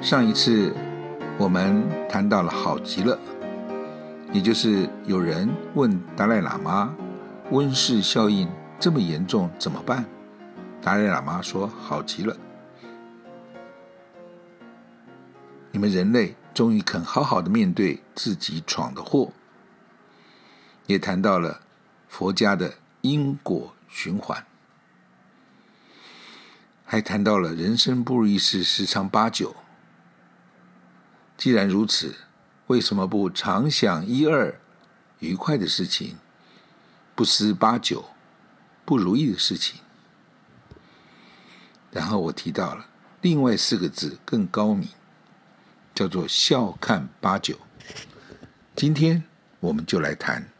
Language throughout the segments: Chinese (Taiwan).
上一次我們談到了好極了，也就是有人問達賴喇嘛，溫室效應這麼嚴重怎麼辦？達賴喇嘛說好極了，你們人類終於肯好好的面對自己闖的禍。也談到了佛家的因果循環，還談到了人生不如意事十常八九。既然如此，為什麼不常想一二愉快的事情，不思八九不如意的事情？然後我提到了另外四個字更高明，叫做笑看八九。今天我們就來談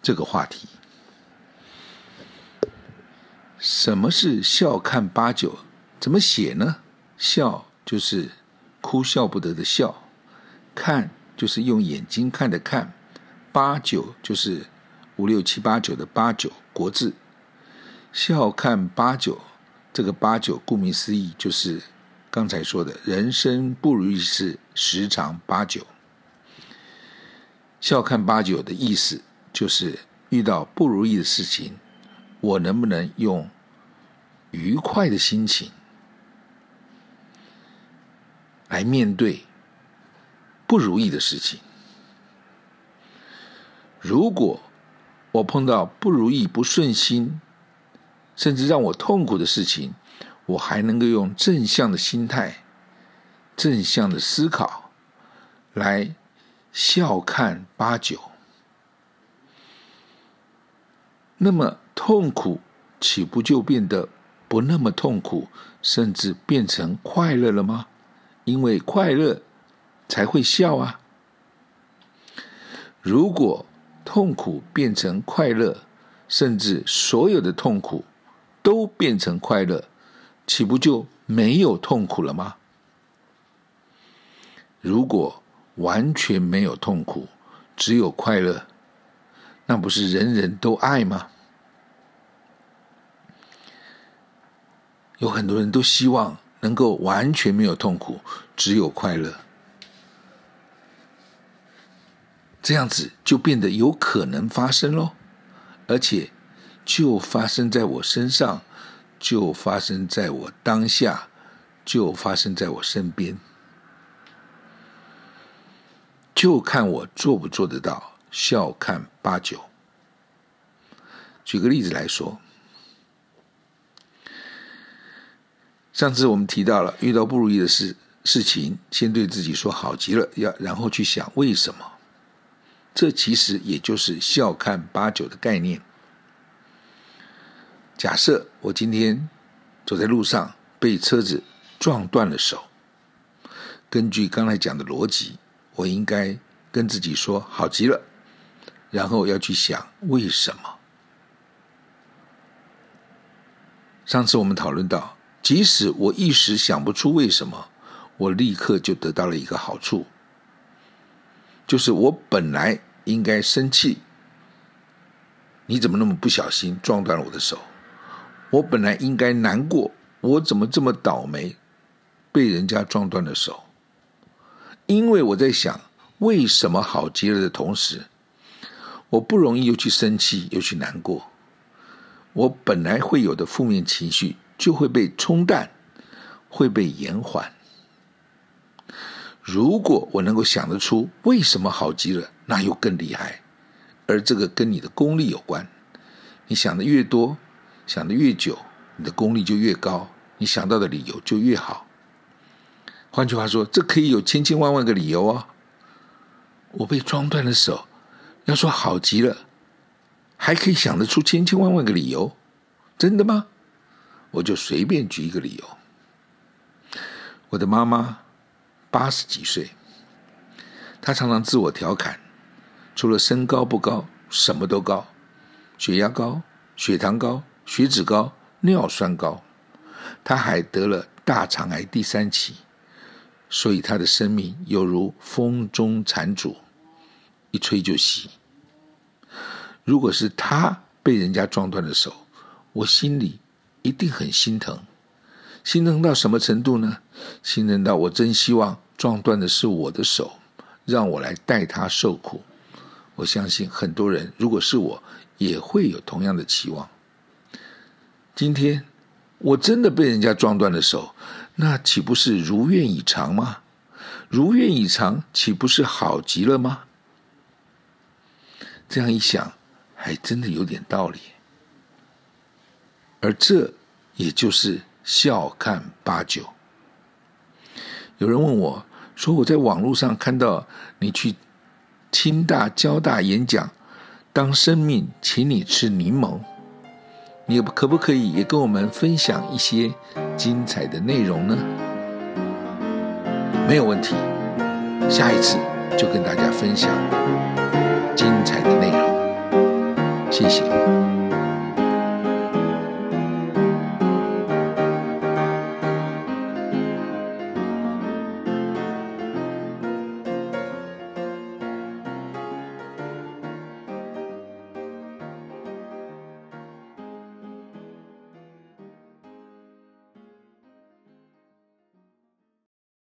這個話題。什麼是笑看八九？怎麼寫呢？笑就是。哭笑不得的笑，看就是用眼睛看的看，八九就是五六七八九的八九國字，笑看八九，這個八九顧名思義就是剛才說的人生不如意事十常八九，笑看八九的意思就是遇到不如意的事情，我能不能用愉快的心情？來面對不如意的事情。如果我碰到不如意、不順心，甚至讓我痛苦的事情，我還能夠用正向的心態、正向的思考，來笑看八九。那麼痛苦豈不就變得不那麼痛苦，甚至變成快樂了嗎？因為快樂才會笑啊。如果痛苦變成快樂，甚至所有的痛苦都變成快樂，豈不就沒有痛苦了嗎？如果完全沒有痛苦，只有快樂，那不是人人都愛嗎？有很多人都希望。能夠完全沒有痛苦，只有快樂，這樣子就變得有可能發生咯。而且，就發生在我身上，就發生在我當下，就發生在我身邊，就看我做不做得到，笑看八九。舉個例子來說。上次我們提到了，遇到不如意的事事情，先對自己說好極了，要然後去想為什麼。這其實也就是笑看八九的概念。假設我今天走在路上被車子撞斷了手，根據剛才講的邏輯，我應該跟自己說好極了，然後要去想為什麼。上次我們討論到。即使我一時想不出為什麼，我立刻就得到了一個好處，就是我本來應該生氣，你怎麼那麼不小心撞斷了我的手？我本來應該難過，我怎麼這麼倒霉，被人家撞斷了手？因為我在想，為什麼好極了的同時，我不容易又去生氣，又去難過。我本來會有的負面情緒。就會被沖淡，會被延緩。如果我能夠想得出為什麼好極了，那又更厲害。而這個跟你的功力有關。你想的越多，想的越久，你的功力就越高，你想到的理由就越好。換句話說，這可以有千千萬萬個理由哦。我被撞斷了手，要說好極了，還可以想得出千千萬萬個理由，真的嗎？我就隨便舉一個理由。我的媽媽八十幾歲，她常常自我調侃：除了身高不高，什麼都高，血壓高、血糖高、血脂高、尿酸高，她還得了大腸癌第三期，所以她的生命猶如風中殘燭，一吹就熄。如果是她被人家撞斷了手，我心裡。一定很心疼，心疼到什麼程度呢？心疼到我真希望撞斷的是我的手，讓我來代他受苦。我相信很多人，如果是我，也會有同樣的期望。今天我真的被人家撞斷了手，那豈不是如願以償嗎？如願以償，豈不是好極了嗎？這樣一想，還真的有點道理。而這，也就是笑看八九。有人問我說：“我在網絡上看到你去清大、交大演講，當生命請你吃檸檬，你可不可以也跟我們分享一些精彩的內容呢？”沒有問題，下一次就跟大家分享精彩的內容。謝謝。